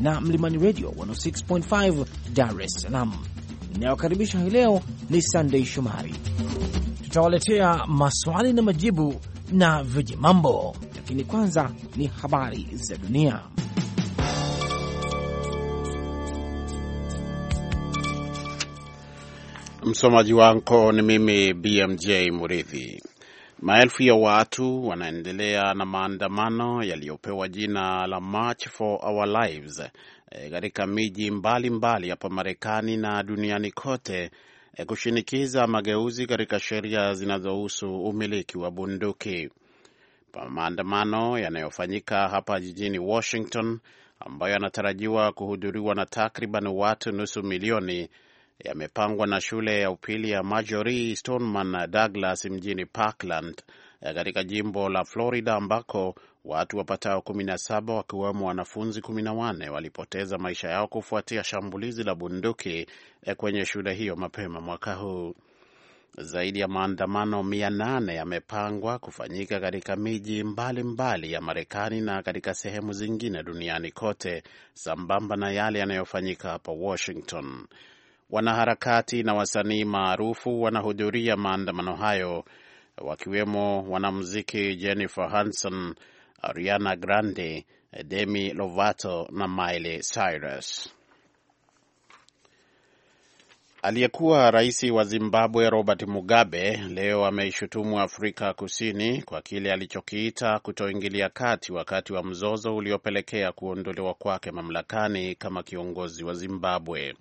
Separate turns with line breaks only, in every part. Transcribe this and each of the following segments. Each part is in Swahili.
na Mlimani Radio 106.5 Dar es Salaam. Inayokaribisha hii leo ni Sandei Shomari. Tutawaletea maswali na majibu na viji mambo lakini kwanza ni habari za dunia.
Msomaji wako ni mimi BMJ Muridhi. Maelfu ya watu wanaendelea na maandamano yaliyopewa jina la March for Our Lives eh, katika e, miji mbalimbali hapa Marekani na duniani kote e, kushinikiza mageuzi katika sheria zinazohusu umiliki wa bunduki. Maandamano yanayofanyika hapa jijini Washington ambayo yanatarajiwa kuhudhuriwa na takriban watu nusu milioni yamepangwa na shule ya upili ya majori Stoneman Douglas mjini Parkland eh, katika jimbo la Florida ambako watu wapatao 17 wakiwemo wanafunzi 14 walipoteza maisha yao kufuatia shambulizi la bunduki eh, kwenye shule hiyo mapema mwaka huu. Zaidi ya maandamano 800 yamepangwa kufanyika katika miji mbalimbali mbali ya Marekani na katika sehemu zingine duniani kote, sambamba na yale yanayofanyika hapa Washington wanaharakati na wasanii maarufu wanahudhuria maandamano hayo, wakiwemo wanamuziki Jennifer hanson Ariana Grande, Demi Lovato na Miley Cyrus. Aliyekuwa rais wa Zimbabwe Robert Mugabe leo ameishutumu Afrika Kusini kwa kile alichokiita kutoingilia kati wakati wa mzozo uliopelekea kuondolewa kwake mamlakani kama kiongozi wa Zimbabwe.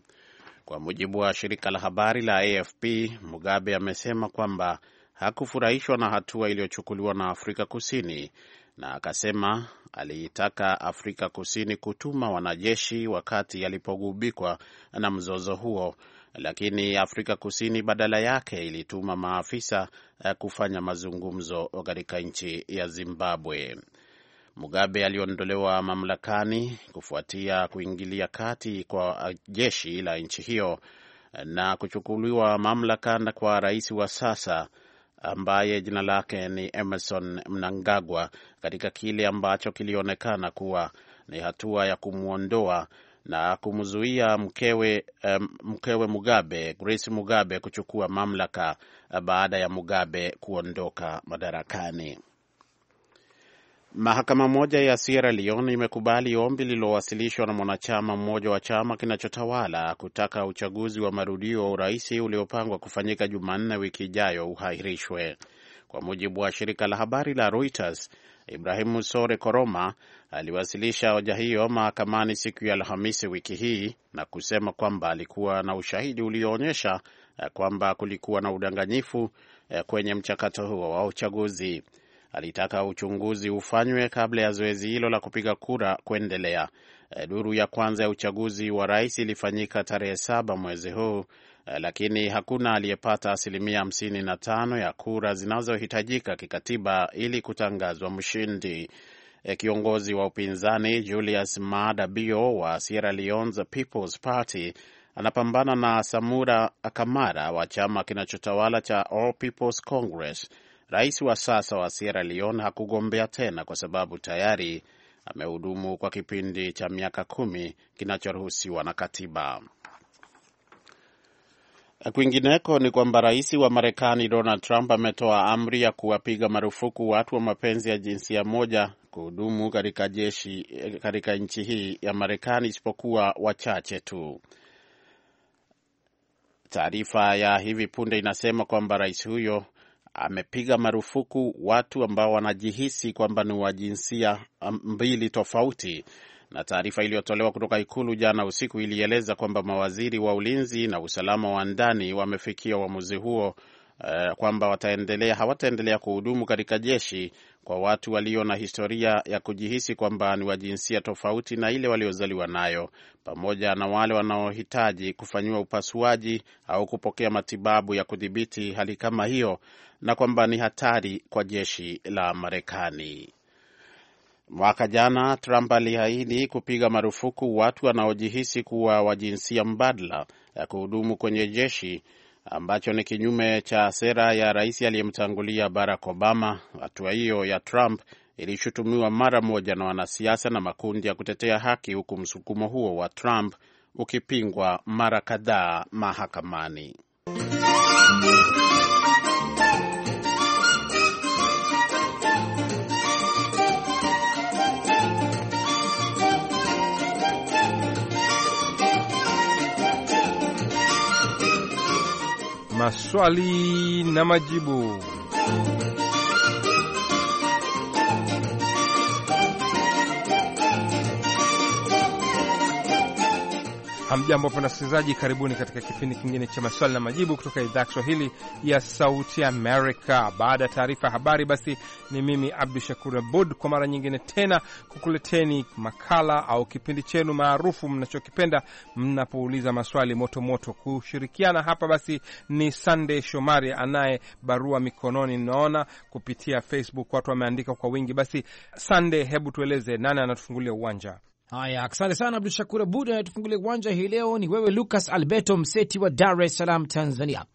Kwa mujibu wa shirika la habari la AFP, Mugabe amesema kwamba hakufurahishwa na hatua iliyochukuliwa na Afrika Kusini na akasema aliitaka Afrika Kusini kutuma wanajeshi wakati alipogubikwa na mzozo huo, lakini Afrika Kusini badala yake ilituma maafisa eh, kufanya mazungumzo katika nchi ya Zimbabwe. Mugabe aliondolewa mamlakani kufuatia kuingilia kati kwa jeshi la nchi hiyo na kuchukuliwa mamlaka na kwa rais wa sasa ambaye jina lake ni Emerson Mnangagwa katika kile ambacho kilionekana kuwa ni hatua ya kumwondoa na kumzuia mkewe, mkewe Mugabe, Grace Mugabe kuchukua mamlaka baada ya Mugabe kuondoka madarakani. Mahakama moja ya Sierra Leone imekubali ombi lililowasilishwa na mwanachama mmoja wa chama kinachotawala kutaka uchaguzi wa marudio wa urais uliopangwa kufanyika Jumanne wiki ijayo uhairishwe. Kwa mujibu wa shirika la habari la Reuters, Ibrahimu Sore Koroma aliwasilisha hoja hiyo mahakamani siku ya Alhamisi wiki hii na kusema kwamba alikuwa na ushahidi ulioonyesha kwamba kulikuwa na udanganyifu eh, kwenye mchakato huo wa uchaguzi alitaka uchunguzi ufanywe kabla ya zoezi hilo la kupiga kura kuendelea. Eh, duru ya kwanza ya uchaguzi wa rais ilifanyika tarehe saba mwezi huu, eh, lakini hakuna aliyepata asilimia hamsini na tano ya kura zinazohitajika kikatiba ili kutangazwa mshindi. Eh, kiongozi wa upinzani Julius Maada Bio wa Sierra Leone's People's Party anapambana na Samura Kamara wa chama kinachotawala cha All People's Congress Rais wa sasa wa Sierra Leone hakugombea tena kwa sababu tayari amehudumu kwa kipindi cha miaka kumi kinachoruhusiwa na katiba. Kwingineko ni kwamba rais wa Marekani Donald Trump ametoa amri ya kuwapiga marufuku watu wa mapenzi ya jinsia moja kuhudumu katika jeshi katika nchi hii ya Marekani isipokuwa wachache tu. Taarifa ya hivi punde inasema kwamba rais huyo amepiga marufuku watu ambao wanajihisi kwamba ni wa jinsia um, mbili tofauti. Na taarifa iliyotolewa kutoka ikulu jana usiku ilieleza kwamba mawaziri wa ulinzi na usalama wa ndani wamefikia uamuzi huo uh, kwamba wataendelea hawataendelea kuhudumu katika jeshi kwa watu walio na historia ya kujihisi kwamba ni wa jinsia tofauti na ile waliozaliwa nayo, pamoja na wale wanaohitaji kufanyiwa upasuaji au kupokea matibabu ya kudhibiti hali kama hiyo, na kwamba ni hatari kwa jeshi la Marekani. Mwaka jana Trump aliahidi kupiga marufuku watu wanaojihisi kuwa wa jinsia mbadala ya kuhudumu kwenye jeshi ambacho ni kinyume cha sera ya rais aliyemtangulia Barack Obama. Hatua hiyo ya Trump ilishutumiwa mara moja na wanasiasa na makundi ya kutetea haki, huku msukumo huo wa Trump ukipingwa mara kadhaa mahakamani.
maswali na majibu. Hamjambo wapenda wasikilizaji, karibuni katika kipindi kingine cha maswali na majibu kutoka idhaa ya Kiswahili ya Sauti Amerika. Baada ya taarifa ya habari, basi ni mimi Abdu Shakur Abud kwa mara nyingine tena kukuleteni makala au kipindi chenu maarufu mnachokipenda mnapouliza maswali motomoto moto. Kushirikiana hapa basi ni Sandey Shomari anaye barua mikononi, naona kupitia Facebook watu wameandika kwa wingi. Basi Sandey, hebu tueleze nani anatufungulia uwanja? Haya, asante
sana Abdu Shakur Abud. Anayetufungulia uwanja hii leo ni wewe Lucas Alberto Mseti wa Dar es Salaam, Tanzania.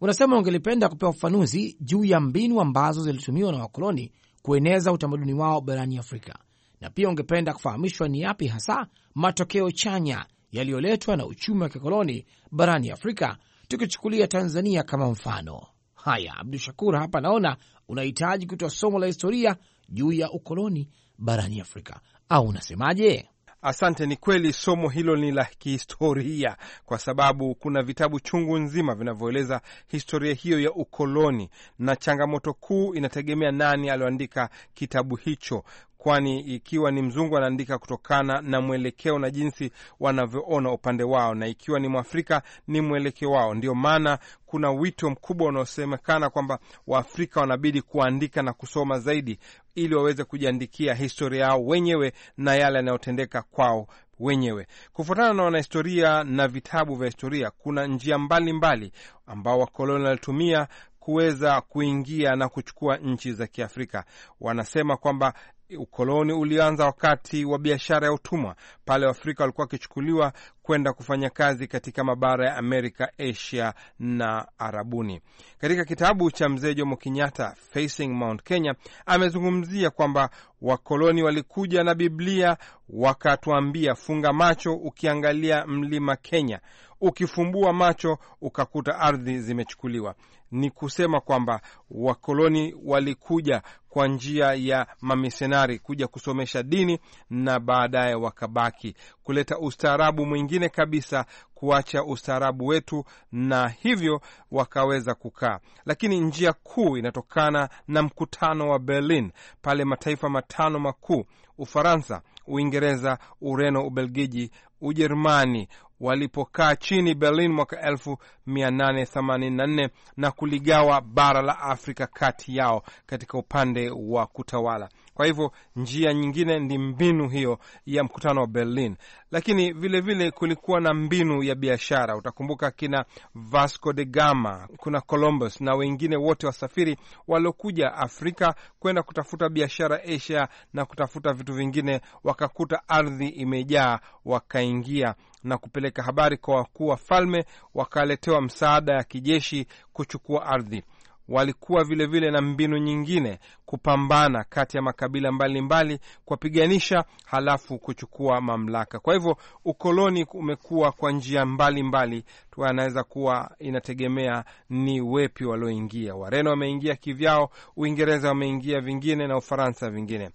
Unasema ungelipenda kupewa ufafanuzi juu ya mbinu ambazo zilitumiwa na wakoloni kueneza utamaduni wao barani Afrika, na pia ungependa kufahamishwa ni yapi hasa matokeo chanya yaliyoletwa na uchumi wa kikoloni barani Afrika, tukichukulia Tanzania kama mfano. Haya, Abdu Shakur, hapa naona unahitaji kutoa somo la historia juu ya ukoloni barani Afrika, au
unasemaje? Asante. Ni kweli somo hilo ni la kihistoria, kwa sababu kuna vitabu chungu nzima vinavyoeleza historia hiyo ya ukoloni, na changamoto kuu inategemea nani alioandika kitabu hicho, kwani ikiwa ni mzungu anaandika kutokana na mwelekeo na jinsi wanavyoona upande wao, na ikiwa ni mwafrika ni mwelekeo wao. Ndio maana kuna wito mkubwa unaosemekana kwamba Waafrika wanabidi kuandika na kusoma zaidi, ili waweze kujiandikia historia yao wenyewe na yale yanayotendeka kwao wenyewe. Kufuatana na wanahistoria na vitabu vya historia, kuna njia mbalimbali mbali ambao wakoloni walitumia kuweza kuingia na kuchukua nchi za Kiafrika. Wanasema kwamba Ukoloni ulianza wakati wa biashara ya utumwa, pale Waafrika walikuwa wakichukuliwa kwenda kufanya kazi katika mabara ya Amerika, Asia na Arabuni. Katika kitabu cha mzee Jomo Kenyatta, Facing Mount Kenya, amezungumzia kwamba wakoloni walikuja na Biblia wakatuambia, funga macho ukiangalia mlima Kenya ukifumbua macho ukakuta ardhi zimechukuliwa. Ni kusema kwamba wakoloni walikuja kwa njia ya mamisionari kuja kusomesha dini na baadaye wakabaki kuleta ustaarabu mwingine kabisa, kuacha ustaarabu wetu, na hivyo wakaweza kukaa. Lakini njia kuu inatokana na mkutano wa Berlin, pale mataifa matano makuu Ufaransa, Uingereza, Ureno, Ubelgiji, Ujerumani walipokaa chini Berlin mwaka 1884 na kuligawa bara la Afrika kati yao katika upande wa kutawala. Kwa hivyo njia nyingine ni mbinu hiyo ya mkutano wa Berlin, lakini vilevile vile kulikuwa na mbinu ya biashara. Utakumbuka kina Vasco de Gama, kuna Columbus na wengine wote wasafiri waliokuja Afrika kwenda kutafuta biashara Asia na kutafuta vitu vingine, wakakuta ardhi imejaa, wakaingia na kupeleka habari kwa wakuu wa falme, wakaletewa msaada ya kijeshi kuchukua ardhi walikuwa vilevile vile na mbinu nyingine kupambana kati ya makabila mbalimbali kuwapiganisha, halafu kuchukua mamlaka. Kwa hivyo ukoloni umekuwa kwa njia mbalimbali, anaweza kuwa inategemea ni wepi walioingia. Wareno wameingia kivyao, Uingereza wameingia vingine, na Ufaransa vingine.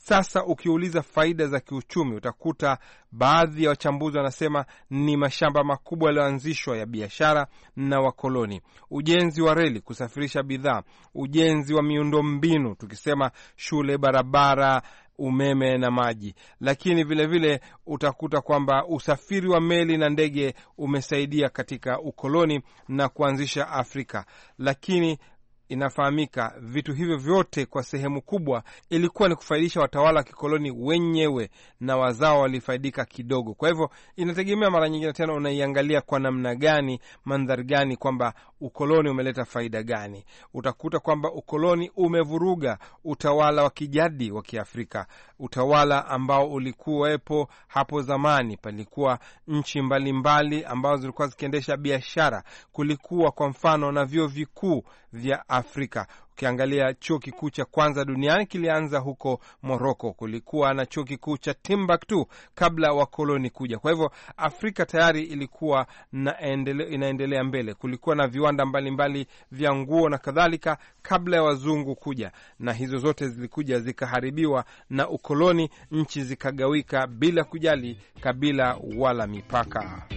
Sasa ukiuliza faida za kiuchumi, utakuta baadhi ya wachambuzi wanasema ni mashamba makubwa yaliyoanzishwa ya biashara na wakoloni, ujenzi wa reli kusafirisha bidhaa, ujenzi wa miundombinu, tukisema shule, barabara umeme na maji, lakini vilevile vile utakuta kwamba usafiri wa meli na ndege umesaidia katika ukoloni na kuanzisha Afrika. Lakini inafahamika vitu hivyo vyote kwa sehemu kubwa ilikuwa ni kufaidisha watawala wa kikoloni wenyewe, na wazao walifaidika kidogo. Kwa hivyo inategemea, mara nyingine tena unaiangalia kwa namna gani, mandhari gani, kwamba ukoloni umeleta faida gani. Utakuta kwamba ukoloni umevuruga utawala wa kijadi wa Kiafrika, utawala ambao ulikuwepo hapo zamani. Palikuwa nchi mbalimbali ambazo zilikuwa zikiendesha biashara, kulikuwa kwa mfano na vyo vikuu vya Afrika. Ukiangalia chuo kikuu cha kwanza duniani kilianza huko Moroko, kulikuwa na chuo kikuu cha Timbuktu kabla wakoloni kuja. Kwa hivyo Afrika tayari ilikuwa naendele, inaendelea mbele. Kulikuwa na viwanda mbalimbali vya nguo na kadhalika kabla ya wazungu kuja, na hizo zote zilikuja zikaharibiwa na ukoloni, nchi zikagawika bila kujali kabila wala mipaka.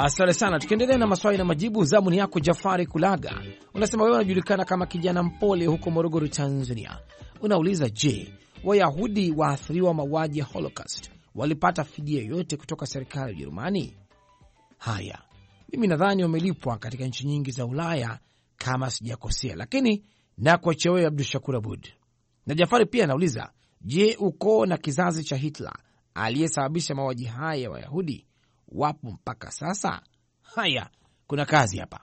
Asante sana. Tukiendelea na maswali na majibu, zamuni yako Jafari Kulaga, unasema wewe unajulikana kama kijana mpole huko Morogoro, Tanzania. Unauliza, je, Wayahudi waathiriwa mauaji ya Holocaust walipata fidia yoyote kutoka serikali ya Ujerumani? Haya, mimi nadhani wamelipwa katika nchi nyingi za Ulaya kama sijakosea, lakini na wewe Abdu Shakur Abud. Na Jafari pia anauliza, je, ukoo na kizazi cha Hitler aliyesababisha mauaji haya ya Wayahudi wapo mpaka sasa. Haya, kuna kazi hapa.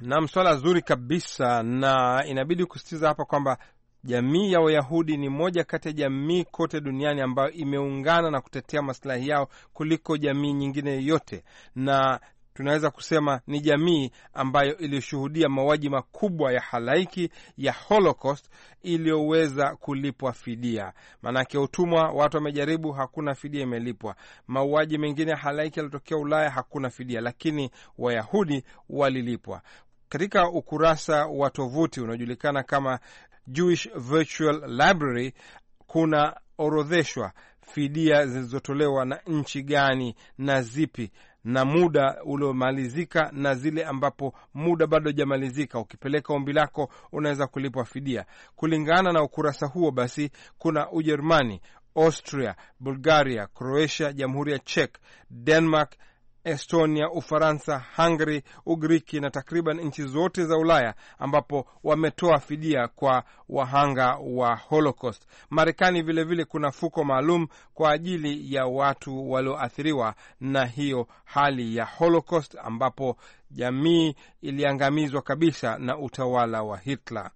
Naam, swala zuri kabisa, na inabidi kusisitiza hapa kwamba jamii ya Wayahudi ni moja kati ya jamii kote duniani ambayo imeungana na kutetea masilahi yao kuliko jamii nyingine yoyote, na tunaweza kusema ni jamii ambayo ilishuhudia mauaji makubwa ya halaiki ya Holocaust iliyoweza kulipwa fidia. Maanake utumwa watu wamejaribu, hakuna fidia imelipwa. Mauaji mengine ya halaiki yalitokea Ulaya, hakuna fidia, lakini Wayahudi walilipwa. Katika ukurasa wa tovuti unaojulikana kama Jewish Virtual Library kuna orodheshwa fidia zilizotolewa na nchi gani na zipi na muda uliomalizika na zile ambapo muda bado hajamalizika. Ukipeleka ombi lako unaweza kulipwa fidia kulingana na ukurasa huo. Basi kuna Ujerumani, Austria, Bulgaria, Croatia, Jamhuri ya Czech, Denmark Estonia, Ufaransa, Hungary, Ugiriki na takriban nchi zote za Ulaya ambapo wametoa fidia kwa wahanga wa Holocaust. Marekani vilevile kuna fuko maalum kwa ajili ya watu walioathiriwa na hiyo hali ya Holocaust ambapo jamii iliangamizwa kabisa na utawala wa Hitler.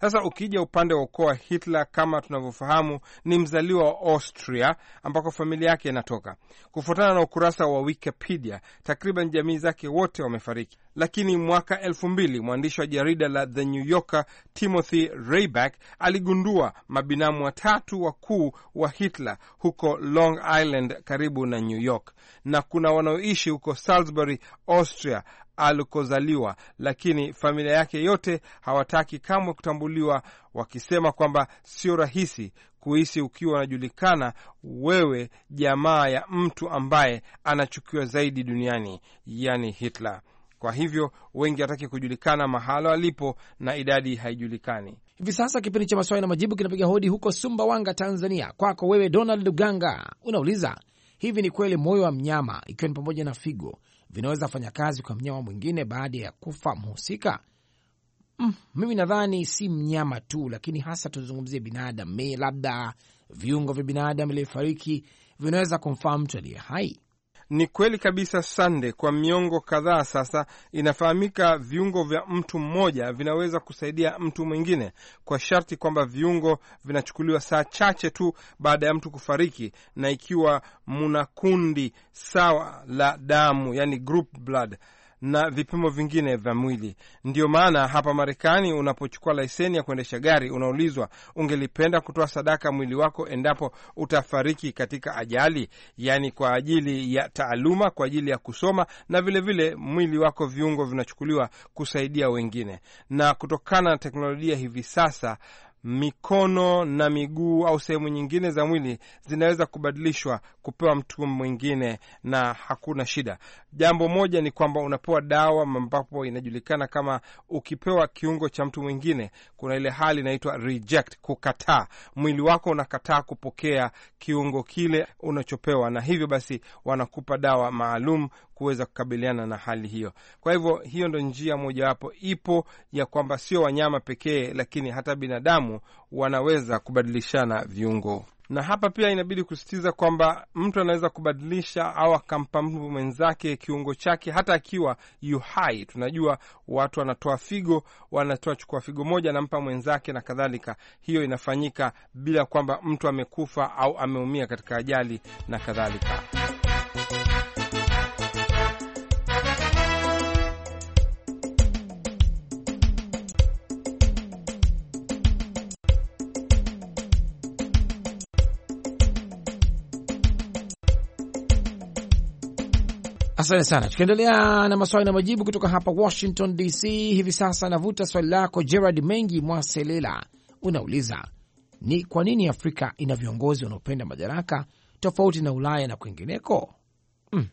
Sasa ukija upande wa ukoo wa Hitler, kama tunavyofahamu, ni mzaliwa wa Austria ambako familia yake inatoka. Kufuatana na ukurasa wa Wikipedia, takriban jamii zake wote wamefariki, lakini mwaka elfu mbili mwandishi wa jarida la The New Yorker Timothy Rayback aligundua mabinamu watatu wakuu wa Hitler huko Long Island karibu na New York, na kuna wanaoishi huko Salisbury, Austria alikozaliwa, lakini familia yake yote hawataki kamwe kutambuliwa, wakisema kwamba sio rahisi kuhisi ukiwa unajulikana wewe jamaa ya mtu ambaye anachukiwa zaidi duniani, yani Hitler. Kwa hivyo wengi hataki kujulikana mahala alipo na idadi haijulikani hivi
sasa. Kipindi cha maswali na majibu kinapiga hodi huko Sumbawanga, Tanzania. Kwako wewe Donald Luganga, unauliza hivi: ni kweli moyo wa mnyama ikiwa ni pamoja na figo vinaweza fanya kazi kwa mnyama mwingine baada ya kufa mhusika? Mm, mimi nadhani si mnyama tu, lakini hasa tuzungumzie binadamu. Me labda viungo vya binadamu aliyefariki vinaweza kumfaa mtu aliye
hai. Ni kweli kabisa, Sande. Kwa miongo kadhaa sasa, inafahamika viungo vya mtu mmoja vinaweza kusaidia mtu mwingine, kwa sharti kwamba viungo vinachukuliwa saa chache tu baada ya mtu kufariki, na ikiwa muna kundi sawa la damu, yani group blood na vipimo vingine vya mwili. Ndiyo maana hapa Marekani unapochukua leseni ya kuendesha gari unaulizwa, ungelipenda kutoa sadaka mwili wako endapo utafariki katika ajali, yaani kwa ajili ya taaluma, kwa ajili ya kusoma, na vilevile vile mwili wako, viungo vinachukuliwa kusaidia wengine, na kutokana na teknolojia hivi sasa mikono na miguu au sehemu nyingine za mwili zinaweza kubadilishwa kupewa mtu mwingine na hakuna shida. Jambo moja ni kwamba unapewa dawa ambapo inajulikana kama, ukipewa kiungo cha mtu mwingine, kuna ile hali inaitwa reject, kukataa. Mwili wako unakataa kupokea kiungo kile unachopewa, na hivyo basi wanakupa dawa maalum kuweza kukabiliana na hali hiyo. Kwa hivyo hiyo ndo njia mojawapo ipo ya kwamba sio wanyama pekee, lakini hata binadamu wanaweza kubadilishana viungo na hapa pia inabidi kusisitiza kwamba mtu anaweza kubadilisha au akampa mtu mwenzake kiungo chake hata akiwa yu hai. Tunajua watu wanatoa figo, wanatoa chukua figo moja, anampa mwenzake na kadhalika. Hiyo inafanyika bila kwamba mtu amekufa au ameumia katika ajali na kadhalika.
Asante sana. Tukiendelea na maswali na majibu kutoka hapa Washington DC, hivi sasa navuta swali lako Gerard Mengi Mwaselela, unauliza ni kwa nini Afrika ina viongozi wanaopenda madaraka tofauti na Ulaya na kwingineko? Mm,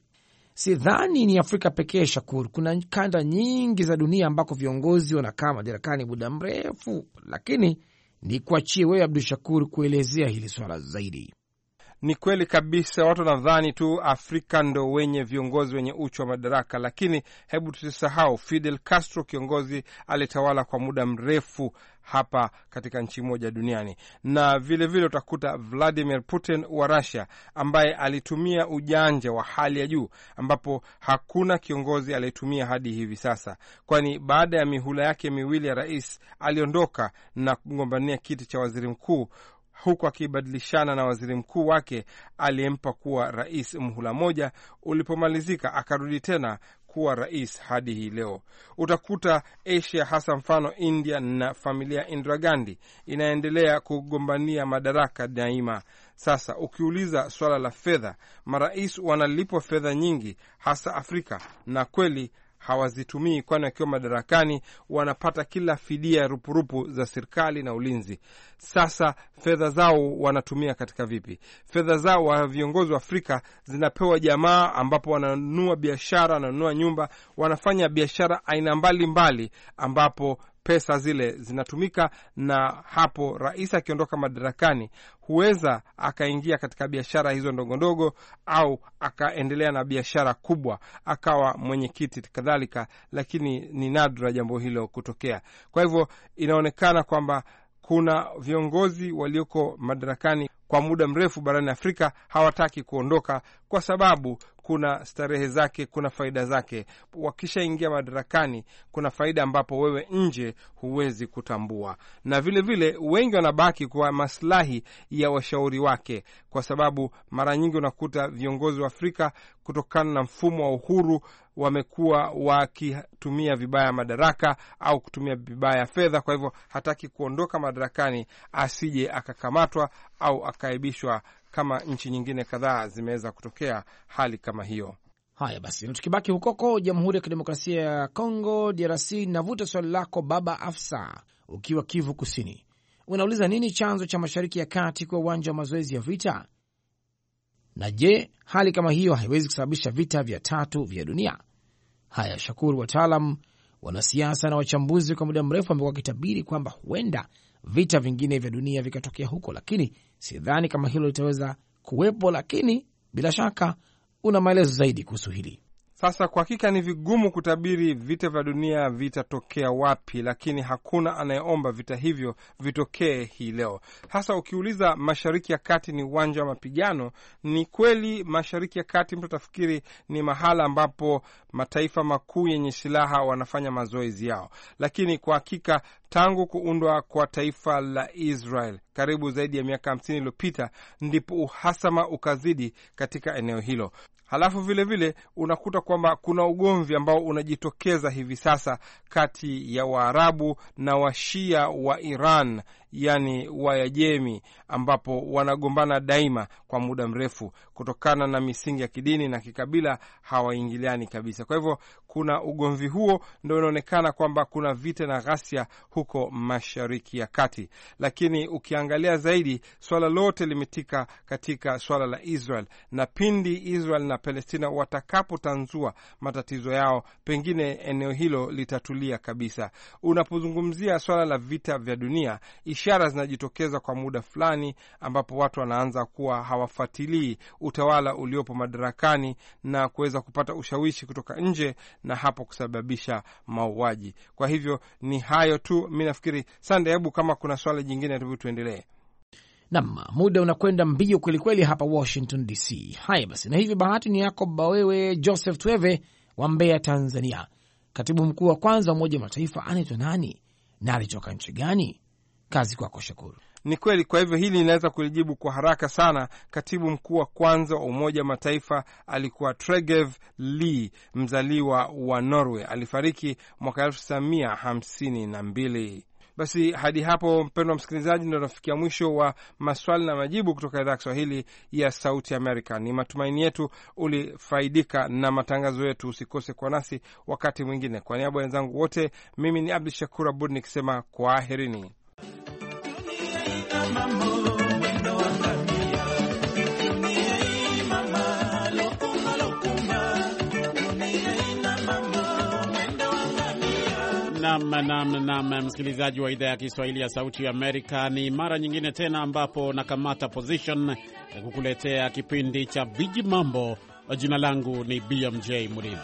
sidhani ni Afrika pekee Shakur, kuna kanda nyingi za dunia ambako viongozi wanakaa madarakani muda mrefu, lakini ni kuachie wewe Abdu Shakur kuelezea hili swala zaidi.
Ni kweli kabisa, watu wanadhani tu Afrika ndo wenye viongozi wenye uchu wa madaraka, lakini hebu tusisahau Fidel Castro, kiongozi alitawala kwa muda mrefu hapa katika nchi moja duniani, na vilevile vile utakuta Vladimir Putin wa Russia ambaye alitumia ujanja wa hali ya juu, ambapo hakuna kiongozi aliyetumia hadi hivi sasa, kwani baada ya mihula yake miwili ya rais aliondoka na kugombania kiti cha waziri mkuu huku akibadilishana na waziri mkuu wake aliyempa kuwa rais mhula moja ulipomalizika akarudi tena kuwa rais hadi hii leo. Utakuta Asia, hasa mfano India na familia Indira Gandhi inaendelea kugombania madaraka daima. Sasa ukiuliza swala la fedha, marais wanalipwa fedha nyingi, hasa Afrika, na kweli hawazitumii, kwani wakiwa madarakani wanapata kila fidia ya rupurupu za serikali na ulinzi. Sasa fedha zao wanatumia katika vipi? Fedha zao wa viongozi wa Afrika zinapewa jamaa, ambapo wananunua biashara, wananunua nyumba, wanafanya biashara aina mbalimbali, ambapo pesa zile zinatumika, na hapo rais akiondoka madarakani huweza akaingia katika biashara hizo ndogondogo au akaendelea na biashara kubwa, akawa mwenyekiti kadhalika, lakini ni nadra jambo hilo kutokea. Kwa hivyo inaonekana kwamba kuna viongozi walioko madarakani kwa muda mrefu barani Afrika hawataki kuondoka kwa sababu kuna starehe zake, kuna faida zake. Wakishaingia madarakani, kuna faida ambapo wewe nje huwezi kutambua, na vilevile vile, wengi wanabaki kwa maslahi ya washauri wake, kwa sababu mara nyingi unakuta viongozi wa Afrika kutokana na mfumo wa uhuru wamekuwa wakitumia vibaya madaraka au kutumia vibaya fedha. Kwa hivyo hataki kuondoka madarakani asije akakamatwa au akaibishwa kama nchi nyingine kadhaa zimeweza kutokea hali kama hiyo.
Haya basi, na tukibaki hukoko Jamhuri ya Kidemokrasia ya Kongo, DRC, navuta swali lako Baba Afsa ukiwa Kivu Kusini, unauliza nini chanzo cha Mashariki ya Kati kwa uwanja wa mazoezi ya vita, na je, hali kama hiyo haiwezi kusababisha vita vya tatu vya dunia? Haya, Shakuru, wataalam wanasiasa na wachambuzi kwa muda mrefu wamekuwa wakitabiri kwamba huenda vita vingine vya dunia vikatokea huko, lakini sidhani kama hilo litaweza kuwepo. Lakini bila shaka una maelezo zaidi kuhusu hili?
Sasa kwa hakika ni vigumu kutabiri vita vya dunia vitatokea wapi, lakini hakuna anayeomba vita hivyo vitokee hii leo. sasa ukiuliza mashariki ya kati ni uwanja wa mapigano, ni kweli. Mashariki ya kati mtu atafikiri ni mahala ambapo mataifa makuu yenye silaha wanafanya mazoezi yao, lakini kwa hakika tangu kuundwa kwa taifa la Israel karibu zaidi ya miaka hamsini iliyopita ndipo uhasama ukazidi katika eneo hilo. Halafu vilevile vile, unakuta kwamba kuna ugomvi ambao unajitokeza hivi sasa kati ya Waarabu na Washia wa Iran, yani Wayajemi, ambapo wanagombana daima kwa muda mrefu kutokana na misingi ya kidini na kikabila, hawaingiliani kabisa. Kwa hivyo kuna ugomvi huo, ndo inaonekana kwamba kuna vita na ghasia huko Mashariki ya Kati. Lakini ukiangalia zaidi, swala lote limetika katika swala la Israel, na pindi Israel na Palestina watakapotanzua matatizo yao, pengine eneo hilo litatulia kabisa. Unapozungumzia swala la vita vya dunia, ishara zinajitokeza kwa muda fulani, ambapo watu wanaanza kuwa hawafuatilii utawala uliopo madarakani na kuweza kupata ushawishi kutoka nje na hapo kusababisha mauaji. Kwa hivyo ni hayo tu, mi nafikiri. Sande, hebu kama kuna swala jingine tu tuendelee.
Nam, muda unakwenda mbio kwelikweli hapa Washington DC. Haya basi, na hivyo bahati ni yako bawewe Joseph Tweve wa Mbeya, Tanzania. Katibu mkuu wa kwanza wa Umoja wa Mataifa anaitwa nani na alitoka nchi gani? Kazi kwako Shukuru.
Ni kweli. Kwa hivyo hili linaweza kulijibu kwa haraka sana. Katibu mkuu wa kwanza wa Umoja wa Mataifa alikuwa Tregev Lee, mzaliwa wa Norway, alifariki mwaka elfu tisa mia hamsini na mbili. Basi hadi hapo, mpendwa msikilizaji, ndo tunafikia mwisho wa maswali na majibu kutoka idhaa ya Kiswahili ya Sauti Amerika. Ni matumaini yetu ulifaidika na matangazo yetu. Usikose kwa nasi wakati mwingine. Kwa niaba ya wenzangu wote, mimi ni Abdu Shakur Abud nikisema kwaherini.
Nam, nam, msikilizaji wa idhaa ya Kiswahili ya Sauti ya Amerika, ni mara nyingine tena ambapo nakamata position kukuletea kipindi cha viji mambo. Jina langu ni BMJ Mridhi.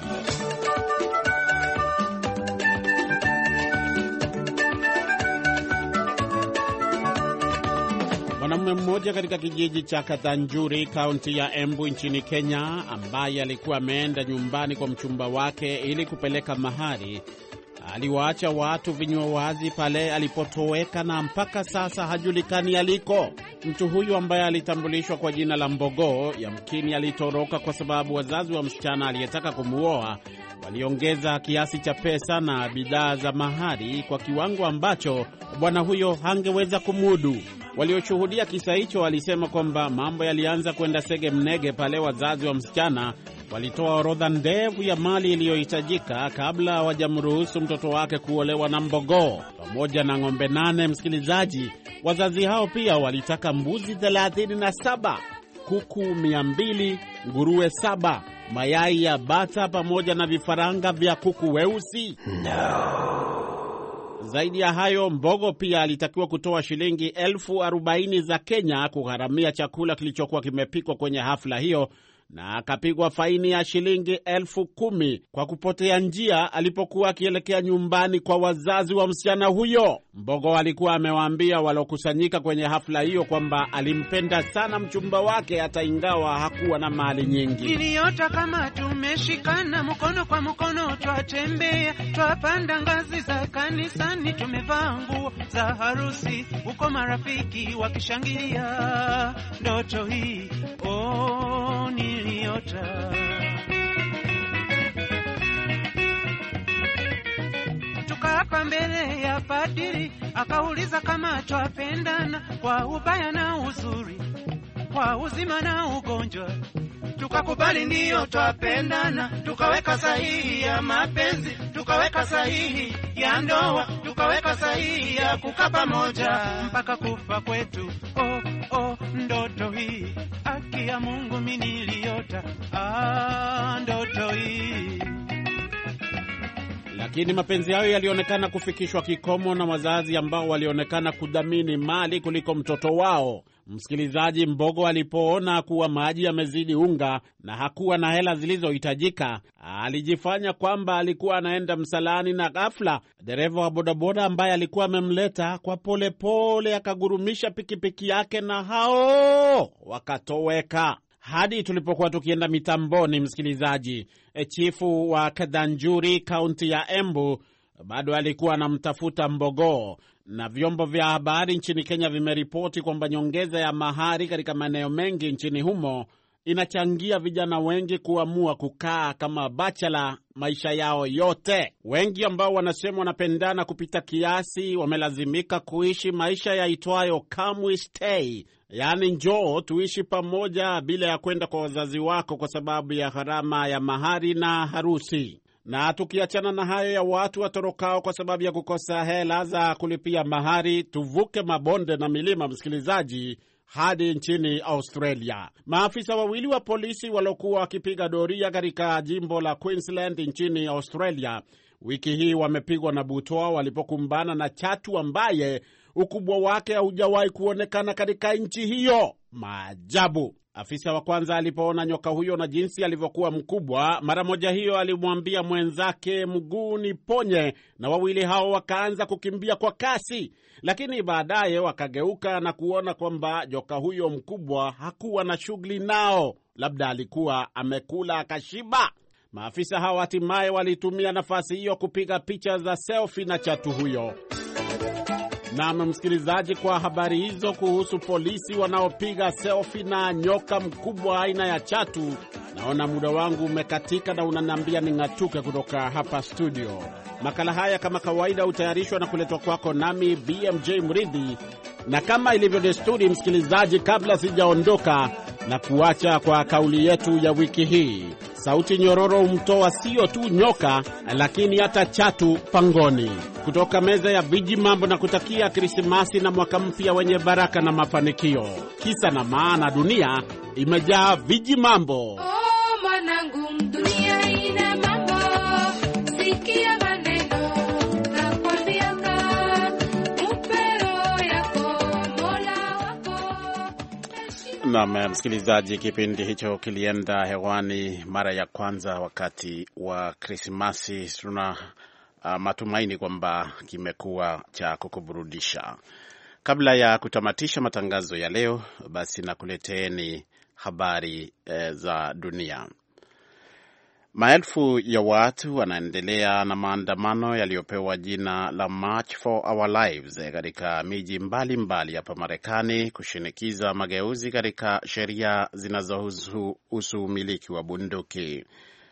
Mwanaume mmoja katika kijiji cha Kathanjuri, kaunti ya Embu nchini Kenya, ambaye alikuwa ameenda nyumbani kwa mchumba wake ili kupeleka mahari aliwaacha watu vinywa wazi pale alipotoweka na mpaka sasa hajulikani aliko. Mtu huyu ambaye alitambulishwa kwa jina la mbogo yamkini alitoroka kwa sababu wazazi wa msichana aliyetaka kumuoa waliongeza kiasi cha pesa na bidhaa za mahari kwa kiwango ambacho bwana huyo hangeweza kumudu. Walioshuhudia kisa hicho walisema kwamba mambo yalianza kwenda sege mnege pale wazazi wa msichana walitoa orodha ndefu ya mali iliyohitajika kabla hawajamruhusu mtoto wake kuolewa na Mbogoo, pamoja na ng'ombe nane. Msikilizaji, wazazi hao pia walitaka mbuzi 37, kuku 200, nguruwe 7, mayai ya bata pamoja na vifaranga vya kuku weusi no. Zaidi ya hayo Mbogo pia alitakiwa kutoa shilingi elfu arobaini za Kenya kugharamia chakula kilichokuwa kimepikwa kwenye hafla hiyo, na akapigwa faini ya shilingi elfu kumi kwa kupotea njia alipokuwa akielekea nyumbani kwa wazazi wa msichana huyo. Mbogo alikuwa amewaambia waliokusanyika kwenye hafla hiyo kwamba alimpenda sana mchumba wake hata ingawa hakuwa na mali nyingi. Iliota kama tumeshikana mkono kwa mkono, twatembea twapanda ngazi za kanisani, tumevaa nguo za harusi, huko marafiki wakishangilia ndoto hii oh, niliota. Tukaapa mbele ya padiri, akauliza kama twapendana kwa ubaya na uzuri, kwa uzima na ugonjwa. Tukakubali ndiyo, twapendana. Tukaweka sahihi ya mapenzi, tukaweka sahihi ya ndoa, tukaweka sahihi ya kukaa pamoja mpaka kufa kwetu. Oh, oh, ndoto hii, aki ya Mungu minili ndoto hii. Lakini mapenzi hayo yalionekana kufikishwa kikomo na wazazi ambao walionekana kudhamini mali kuliko mtoto wao. Msikilizaji, Mbogo alipoona kuwa maji yamezidi unga na hakuwa na hela zilizohitajika, alijifanya kwamba alikuwa anaenda msalani, na ghafla dereva wa bodaboda ambaye alikuwa amemleta kwa polepole pole, akagurumisha pikipiki yake na hao wakatoweka hadi tulipokuwa tukienda mitamboni. Msikilizaji, e, chifu wa Kadanjuri, kaunti ya Embu, bado alikuwa anamtafuta Mbogoo, na vyombo vya habari nchini Kenya vimeripoti kwamba nyongeza ya mahari katika maeneo mengi nchini humo inachangia vijana wengi kuamua kukaa kama bachela maisha yao yote. Wengi ambao wanasema wanapendana kupita kiasi wamelazimika kuishi maisha yaitwayo kamwe stay, yaani njoo tuishi pamoja bila ya kwenda kwa wazazi wako kwa sababu ya gharama ya mahari na harusi. Na tukiachana na hayo ya watu watorokao kwa sababu ya kukosa hela za kulipia mahari, tuvuke mabonde na milima, msikilizaji, hadi nchini Australia. Maafisa wawili wa polisi waliokuwa wakipiga doria katika jimbo la Queensland nchini Australia wiki hii wamepigwa na butoa walipokumbana na chatu ambaye ukubwa wake haujawahi kuonekana katika nchi hiyo. Maajabu! Afisa wa kwanza alipoona nyoka huyo na jinsi alivyokuwa mkubwa, mara moja hiyo alimwambia mwenzake, mguu ponye na wawili hao wakaanza kukimbia kwa kasi, lakini baadaye wakageuka na kuona kwamba nyoka huyo mkubwa hakuwa na shughuli nao, labda alikuwa amekula akashiba. Maafisa hao hatimaye walitumia nafasi hiyo kupiga picha za selfie na chatu huyo. Nam msikilizaji, kwa habari hizo kuhusu polisi wanaopiga selfi na nyoka mkubwa aina ya chatu, naona muda wangu umekatika na unaniambia ning'atuke kutoka hapa studio. Makala haya kama kawaida hutayarishwa na kuletwa kwako nami BMJ Mridhi, na kama ilivyo desturi, msikilizaji, kabla sijaondoka na kuacha kwa kauli yetu ya wiki hii. Sauti nyororo humtoa sio tu nyoka, lakini hata chatu pangoni. Kutoka meza ya viji mambo na kutakia Krismasi na mwaka mpya wenye baraka na mafanikio. Kisa na maana, dunia imejaa viji mambo. nam msikilizaji, kipindi hicho kilienda hewani mara ya kwanza wakati wa Krismasi. Tuna uh, matumaini kwamba kimekuwa cha kukuburudisha. Kabla ya kutamatisha matangazo ya leo, basi nakuleteeni habari eh, za dunia. Maelfu ya watu wanaendelea na maandamano yaliyopewa jina la March for Our Lives katika miji mbalimbali hapa Marekani kushinikiza mageuzi katika sheria zinazohusu umiliki wa bunduki.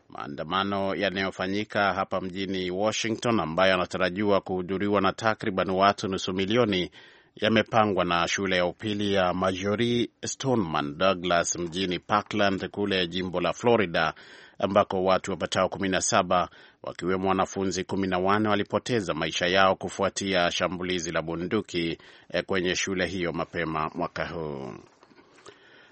Maandamano yanayofanyika hapa mjini Washington, ambayo yanatarajiwa kuhudhuriwa na takriban watu nusu milioni, yamepangwa na shule ya upili ya majori Stoneman Douglas mjini Parkland kule jimbo la Florida ambako watu wapatao 17 wakiwemo wanafunzi 14 walipoteza maisha yao kufuatia shambulizi la bunduki eh, kwenye shule hiyo mapema mwaka huu.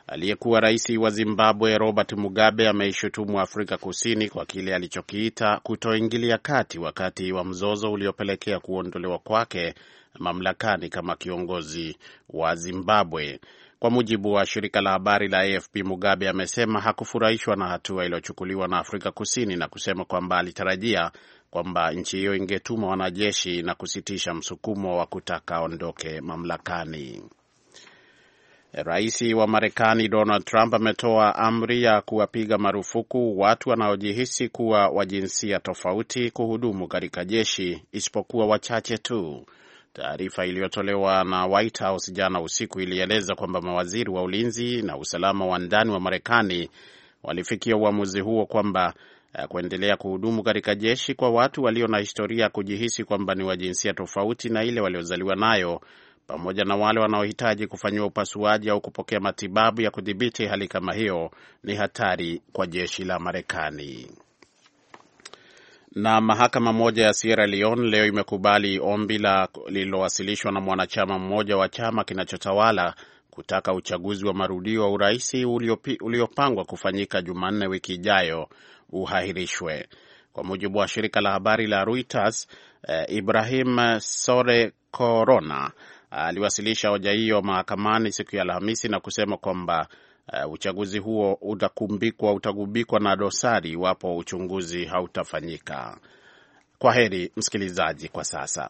Aliyekuwa rais wa Zimbabwe Robert Mugabe ameishutumu Afrika Kusini kwa kile alichokiita kutoingilia kati wakati wa mzozo uliopelekea kuondolewa kwake mamlakani kama kiongozi wa Zimbabwe. Kwa mujibu wa shirika la habari la AFP, Mugabe amesema hakufurahishwa na hatua iliyochukuliwa na Afrika Kusini na kusema kwamba alitarajia kwamba nchi hiyo ingetuma wanajeshi na kusitisha msukumo wa kutaka aondoke mamlakani. Rais wa Marekani Donald Trump ametoa amri ya kuwapiga marufuku watu wanaojihisi kuwa wa jinsia tofauti kuhudumu katika jeshi isipokuwa wachache tu. Taarifa iliyotolewa na White House jana usiku ilieleza kwamba mawaziri wa ulinzi na usalama wa ndani wa Marekani walifikia uamuzi huo kwamba eh, kuendelea kuhudumu katika jeshi kwa watu walio na historia ya kujihisi kwamba ni wa jinsia tofauti na ile waliozaliwa nayo, pamoja na wale wanaohitaji kufanyiwa upasuaji au kupokea matibabu ya kudhibiti hali kama hiyo, ni hatari kwa jeshi la Marekani. Na mahakama moja ya Sierra Leone leo imekubali ombi lililowasilishwa na mwanachama mmoja wa chama kinachotawala kutaka uchaguzi wa marudio wa urais uliopangwa kufanyika Jumanne wiki ijayo uhairishwe. Kwa mujibu wa shirika la habari la Reuters, eh, Ibrahim Sore Corona aliwasilisha hoja hiyo mahakamani siku ya Alhamisi na kusema kwamba uh, uchaguzi huo utakumbikwa, utagubikwa na dosari iwapo uchunguzi hautafanyika. Kwa heri msikilizaji kwa sasa.